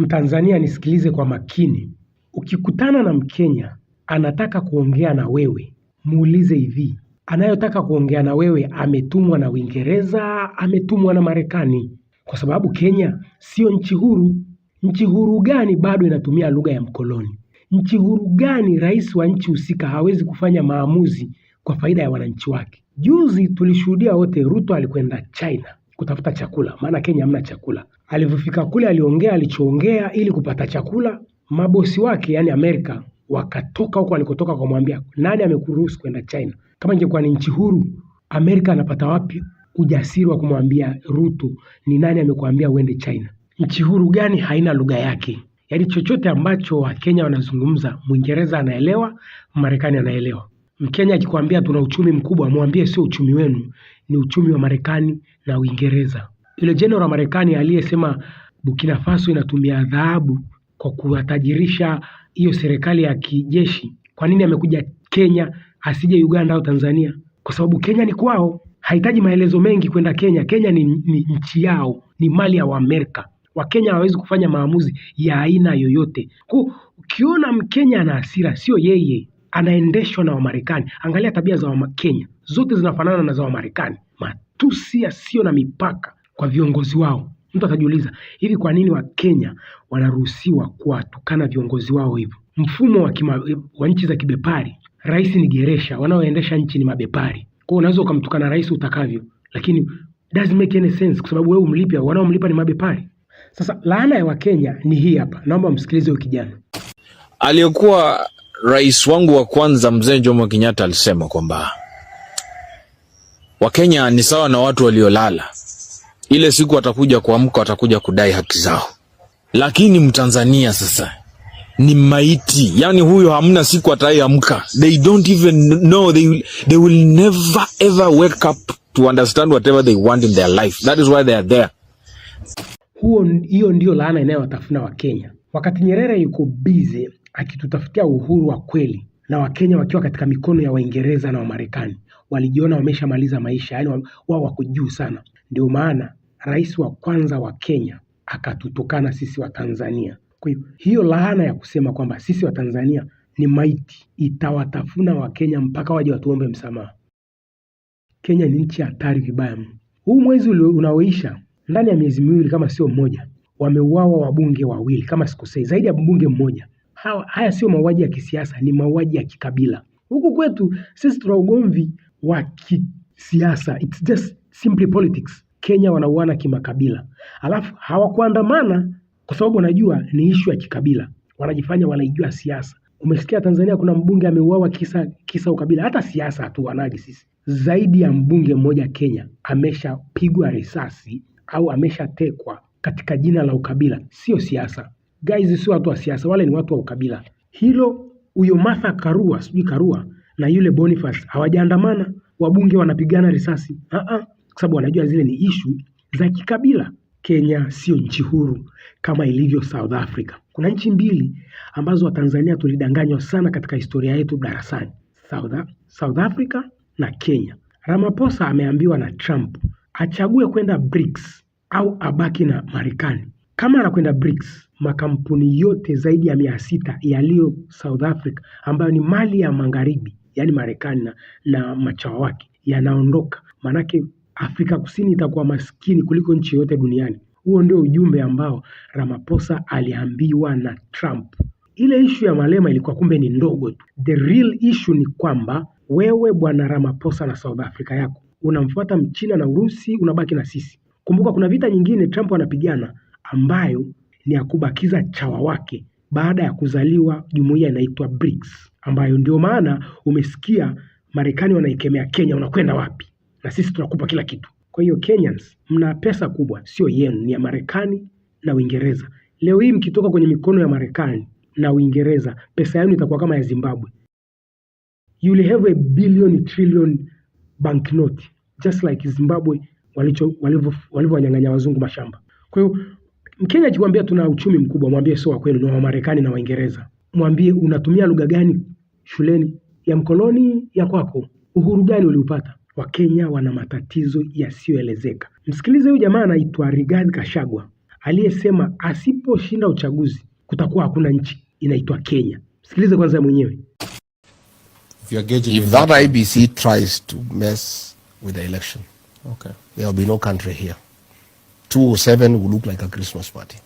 Mtanzania nisikilize kwa makini. Ukikutana na Mkenya anataka kuongea na wewe, muulize hivi, anayotaka kuongea na wewe ametumwa na Uingereza, ametumwa na Marekani? Kwa sababu Kenya sio nchi huru. Nchi huru gani bado inatumia lugha ya mkoloni? Nchi huru gani rais wa nchi husika hawezi kufanya maamuzi kwa faida ya wananchi wake? Juzi tulishuhudia wote, Ruto alikwenda China kutafuta chakula, maana Kenya hamna chakula. Alivyofika kule aliongea alichoongea ili kupata chakula. Mabosi wake yani Amerika wakatoka huko alikotoka wakamwambia, nani amekuruhusu kwenda China? Kama ingekuwa ni nchi huru, Amerika anapata wapi ujasiri wa kumwambia Ruto, ni nani amekuambia uende China? Nchi huru gani haina lugha yake? Yaani chochote ambacho Wakenya wanazungumza Mwingereza anaelewa, Marekani anaelewa. Mkenya akikwambia tuna uchumi mkubwa, mwambie sio uchumi wenu, ni uchumi wa Marekani na Uingereza yule jenerali wa Marekani aliyesema Burkina Faso inatumia dhahabu kwa kuwatajirisha hiyo serikali ya kijeshi, kwa nini amekuja Kenya asije Uganda au Tanzania? Kwa sababu Kenya ni kwao, hahitaji maelezo mengi kwenda Kenya. Kenya ni, ni nchi yao, ni mali ya Waamerika. Wakenya hawawezi kufanya maamuzi ya aina yoyote. Kwa ukiona Mkenya ana hasira, sio yeye, anaendeshwa na Wamarekani. Angalia tabia za Wakenya, zote zinafanana na za Wamarekani, matusi yasiyo na mipaka kwa viongozi wao. Mtu atajiuliza hivi, kwa nini Wakenya wanaruhusiwa kuwatukana viongozi wao hivyo? Mfumo wa, kima, wa nchi za kibepari, rais ni geresha, wanaoendesha nchi ni mabepari. Kwa hiyo unaweza ukamtukana rais utakavyo, lakini doesn't make any sense, kwa sababu wewe umlipia, wanaomlipa ni mabepari. Sasa laana ya Wakenya ni hii hapa, naomba msikilize huyu kijana aliyekuwa rais wangu wa kwanza mzee Jomo Kenyatta alisema kwamba Wakenya ni sawa na watu waliolala ile siku watakuja kuamka, watakuja kudai haki zao. Lakini mtanzania sasa ni maiti, yani huyo hamna siku ataiamka. They don't even know they will, they will never ever wake up to understand whatever they want in their life. That is why they are there. Huo, hiyo ndio laana inayowatafuna Wakenya wakati Nyerere yuko bize akitutafutia uhuru wa kweli na Wakenya wakiwa katika mikono ya Waingereza na Wamarekani walijiona wameshamaliza maisha, yani wao wako juu sana. Ndio maana rais wa kwanza wa Kenya akatutukana sisi wa Tanzania. Kwa hiyo hiyo laana ya kusema kwamba sisi wa Tanzania ni maiti itawatafuna Wakenya mpaka waje watuombe msamaha. Kenya ni nchi hatari vibaya Huu mwezi unaoisha, ndani ya miezi miwili kama sio mmoja, wameuawa wabunge wawili kama sikosei, zaidi ya mbunge mmoja. Hawa, haya sio mauaji ya kisiasa, ni mauaji ya kikabila. Huku kwetu sisi tuna ugomvi wa kisiasa, it's just simply politics. Kenya wanauana kimakabila, alafu hawakuandamana kwa sababu wanajua ni ishu ya kikabila, wanajifanya wanaijua siasa. Umesikia Tanzania kuna mbunge ameuawa kisa kisa ukabila. Hata siasa wanaji sisi. Zaidi ya mbunge mmoja Kenya ameshapigwa risasi au ameshatekwa katika jina la ukabila, sio siasa guys, sio watu wa siasa, wale ni watu wa ukabila. Hilo huyo Martha Karua sijui Karua na yule Boniface hawajaandamana, wabunge wanapigana risasi. Aa, ah, ah sababu wanajua zile ni ishu za kikabila. Kenya sio nchi huru kama ilivyo South Africa. Kuna nchi mbili ambazo Watanzania tulidanganywa sana katika historia yetu darasani, South, South Africa na Kenya. Ramaphosa ameambiwa na Trump achague kwenda BRICS au abaki na Marekani. Kama anakwenda BRICS, makampuni yote zaidi ya mia sita yaliyo South Africa ambayo ni mali ya magharibi, yaani Marekani na, na machawa wake yanaondoka, maanake Afrika Kusini itakuwa maskini kuliko nchi yote duniani. Huo ndio ujumbe ambao Ramaphosa aliambiwa na Trump. Ile ishu ya Malema ilikuwa kumbe ni ndogo tu. The real issue ni kwamba wewe bwana Ramaphosa na South Africa yako unamfuata Mchina na Urusi, unabaki na sisi. Kumbuka kuna vita nyingine Trump anapigana ambayo ni ya kubakiza chawa wake baada ya kuzaliwa jumuiya inaitwa BRICS, ambayo ndio maana umesikia Marekani wanaikemea Kenya, unakwenda wapi? na sisi tunakupa kila kitu. Kwa hiyo Kenyans, mna pesa kubwa, sio yenu, ni ya Marekani na Uingereza. Leo hii mkitoka kwenye mikono ya Marekani na Uingereza, pesa yenu itakuwa kama ya Zimbabwe. You will have a billion trillion banknote just like Zimbabwe walivyowanyang'anya wazungu mashamba. Kwa hiyo Mkenya akikwambia tuna uchumi mkubwa, mwambie sio wa kwenu, ni wa Marekani na Waingereza. Mwambie unatumia lugha gani shuleni, ya mkoloni, ya kwako? Uhuru gani uliupata? Wakenya wana matatizo yasiyoelezeka. Msikilize huyu jamaa anaitwa Rigathi Gachagua aliyesema asiposhinda uchaguzi kutakuwa hakuna nchi inaitwa Kenya. Msikilize kwanza mwenyewe. If, if that IBC tries to mess with the election, okay. There will be no country here. 207 will look like a Christmas party.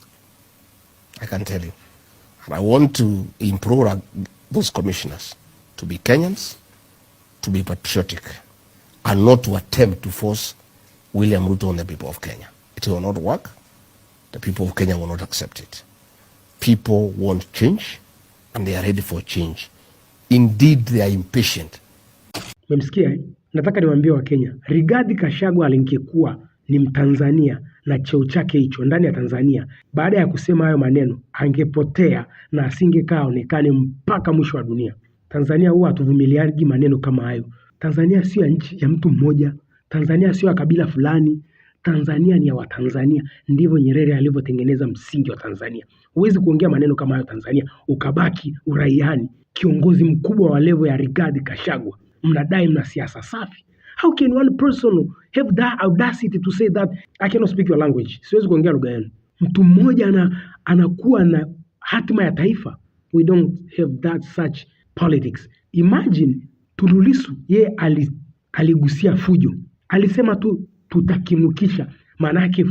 I can tell you. And I want to implore those commissioners to be Kenyans, to be patriotic are not to attempt to force William Ruto on the people of Kenya. It will not work. The people of Kenya will not accept it. People want change and they are ready for change. Indeed, they are impatient. Memsikia eh? Nataka niwaambie wa Kenya, Rigathi Gachagua alinkikuwa ni Mtanzania na cheo chake hicho ndani ya Tanzania, baada ya kusema hayo maneno angepotea na asingekaa aonekane mpaka mwisho wa dunia. Tanzania huwa hatuvumiliaji maneno kama hayo. Tanzania sio ya nchi ya mtu mmoja. Tanzania sio ya kabila fulani. Tanzania ni ya Watanzania. Ndivyo Nyerere alivyotengeneza msingi wa Tanzania. Huwezi kuongea maneno kama hayo Tanzania ukabaki uraiani. Kiongozi mkubwa wa levo ya Rigathi Gachagua, mnadai mna siasa safi. How can one person have the audacity to say that I cannot speak your language? Siwezi kuongea lugha yenu. Mtu mmoja ana, anakuwa na hatima ya taifa. We don't have that such politics. Imagine Tundu Lissu yeye aligusia fujo, alisema tu tutakinukisha, maana yake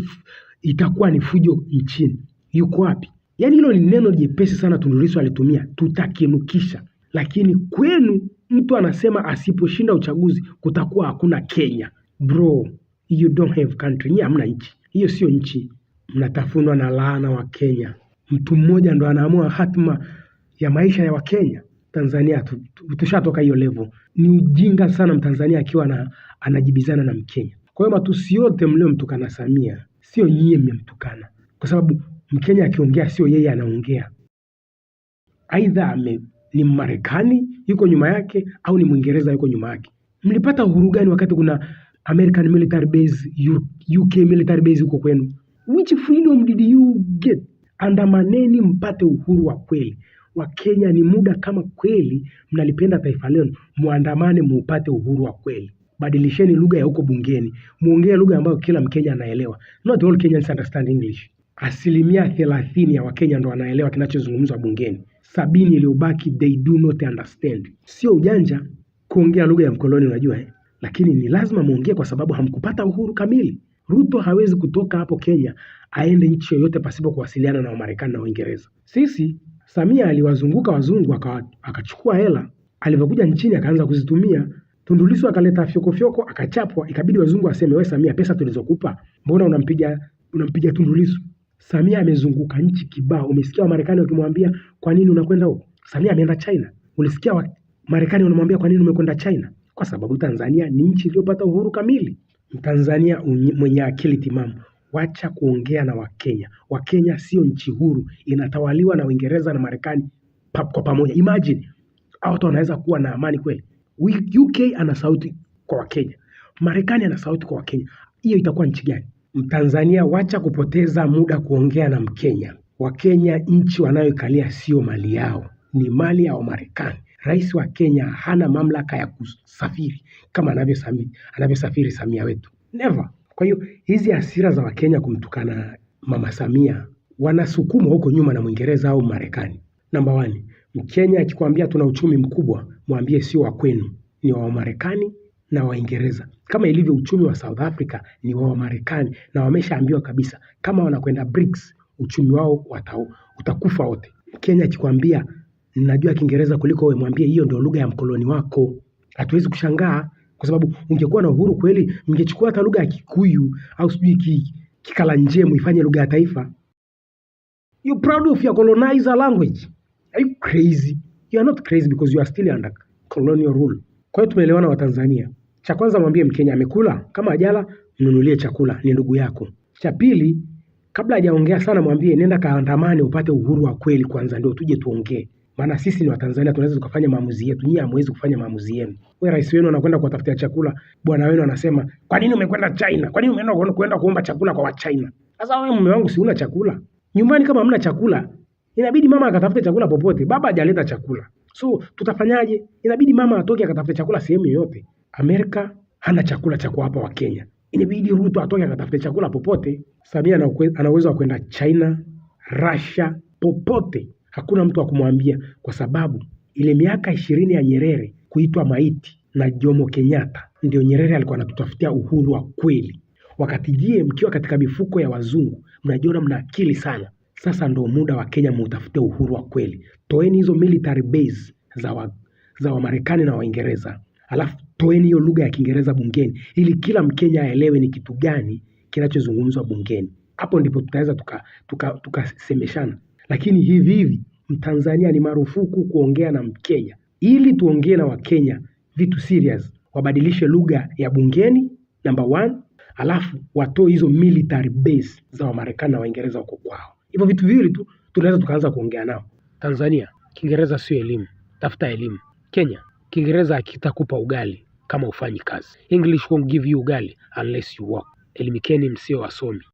itakuwa ni fujo nchini. Yuko wapi? Yaani hilo ni neno jepesi sana Tundu Lissu alitumia, tutakinukisha. Lakini kwenu mtu anasema asiposhinda uchaguzi kutakuwa hakuna Kenya. Bro, you don't have country. Nyie hamna nchi, hiyo sio nchi, mnatafunwa na laana wa Kenya. Mtu mmoja ndo anaamua hatima ya maisha ya Wakenya. Tanzania tushatoka hiyo level. Ni ujinga sana Mtanzania akiwa na, anajibizana na Mkenya. Kwa hiyo matusi yote mliomtukana Samia, sio nyie mmemtukana, kwa sababu Mkenya akiongea sio yeye anaongea, aidha ni Marekani yuko nyuma yake au ni Mwingereza yuko nyuma yake. Mlipata uhuru gani wakati kuna American military base, UK military base huko kwenu? Which freedom did you get? Andamaneni mpate uhuru wa kweli. Wakenya ni muda kama kweli mnalipenda taifa lenu, muandamane muupate uhuru wa kweli. Badilisheni lugha ya huko bungeni, muongee lugha ambayo kila Mkenya anaelewa. Not all Kenyans understand English. Asilimia thelathini ya Wakenya ndo wanaelewa kinachozungumzwa bungeni, sabini iliyobaki they do not understand. Sio ujanja kuongea lugha ya mkoloni unajua eh? Lakini ni lazima muongee kwa sababu hamkupata uhuru kamili. Ruto hawezi kutoka hapo Kenya aende nchi yoyote pasipo kuwasiliana na Wamarekani na waingereza Sisi Samia aliwazunguka wazungu akachukua hela, alivyokuja nchini akaanza kuzitumia. Tundu Lissu akaleta fyokofyoko akachapwa, ikabidi wazungu waseme, wewe Samia, pesa tulizokupa mbona unampiga unampiga Tundu Lissu? Samia amezunguka nchi kibao. Umesikia Wamarekani wakimwambia kwa nini unakwenda huko? Samia ameenda China. Ulisikia Marekani wanamwambia kwa nini umekwenda China? Kwa sababu Tanzania ni nchi iliyopata uhuru kamili. Mtanzania mwenye akili timamu Wacha kuongea na Wakenya. Wakenya sio nchi huru, inatawaliwa na Uingereza na Marekani kwa pamoja. Imagine hao watu wanaweza kuwa na amani kweli? UK ana sauti kwa Wakenya, Marekani ana sauti kwa Wakenya. Hiyo itakuwa nchi gani? Mtanzania, wacha kupoteza muda kuongea na Mkenya. Wakenya nchi wanayoikalia sio mali yao, ni mali ya Wamarekani. Rais wa Kenya hana mamlaka ya kusafiri kama anavyosafiri Samia wetu, never. Kwa hiyo hizi hasira za wakenya kumtukana mama Samia wanasukumwa huko nyuma na mwingereza au marekani. Namba wani, mkenya akikwambia tuna uchumi mkubwa mwambie sio wa kwenu, ni wa wamarekani na waingereza. Kama ilivyo uchumi wa South Africa ni wa wamarekani na wameshaambiwa kabisa kama wanakwenda BRICS uchumi wao utakufa wote. Mkenya akikwambia najua kiingereza kuliko wewe mwambie hiyo ndio lugha ya mkoloni wako. Hatuwezi kushangaa kwa sababu ungekuwa na uhuru kweli, mngechukua hata lugha ya Kikuyu au sijui ki, Kikalanjie muifanye lugha ya taifa. You proud of your colonizer language? Are you crazy? You are not crazy because you are still under colonial rule. Kwa hiyo tumeelewana Watanzania. Cha kwanza mwambie Mkenya amekula, kama ajala mnunulie chakula, ni ndugu yako. Cha pili, kabla hajaongea sana, mwambie nenda kaandamane upate uhuru wa kweli kwanza, ndio tuje tuongee, maana sisi ni Watanzania, tunaweza tukafanya maamuzi yetu, nyinyi hamwezi kufanya maamuzi yenu we rais wenu anakwenda kuwatafutia chakula, bwana wenu anasema kwa nini umekwenda China? Kwa nini umeenda kuenda kuomba chakula kwa Wachina? Sasa wewe mume wangu, si una chakula nyumbani? Kama hamna chakula, inabidi mama akatafute chakula popote. Baba hajaleta chakula, so tutafanyaje? Inabidi mama atoke akatafute chakula sehemu yoyote. Amerika hana chakula cha kuwapa Wakenya, inabidi Ruto atoke akatafute chakula popote. Samia ana uwezo wa kwenda China, Russia, popote, hakuna mtu wa kumwambia, kwa sababu ile miaka ishirini ya Nyerere kuitwa maiti na Jomo Kenyatta, ndio Nyerere alikuwa anatutafutia uhuru wa kweli. Wakati jie mkiwa katika mifuko ya wazungu, mnajiona mna akili sana. Sasa ndo muda wa Kenya muutafutie uhuru wa kweli. Toeni hizo military base za wa, za Wamarekani na Waingereza, alafu toeni hiyo lugha ya Kiingereza bungeni, ili kila Mkenya aelewe ni kitu gani kinachozungumzwa bungeni. Hapo ndipo tutaweza tukasemeshana tuka, tuka, lakini hivi hivi Mtanzania ni marufuku kuongea na Mkenya ili tuongee na Wakenya vitu serious, wabadilishe lugha ya bungeni number one, alafu watoe hizo military base za Wamarekani na Waingereza huko kwao. Hivyo vitu viwili tu tunaweza tukaanza kuongea nao. Tanzania, Kiingereza sio elimu, tafuta elimu. Kenya, Kiingereza hakitakupa ugali kama ufanyi kazi. English won't give you ugali unless you work. Elimikeni msio wasomi.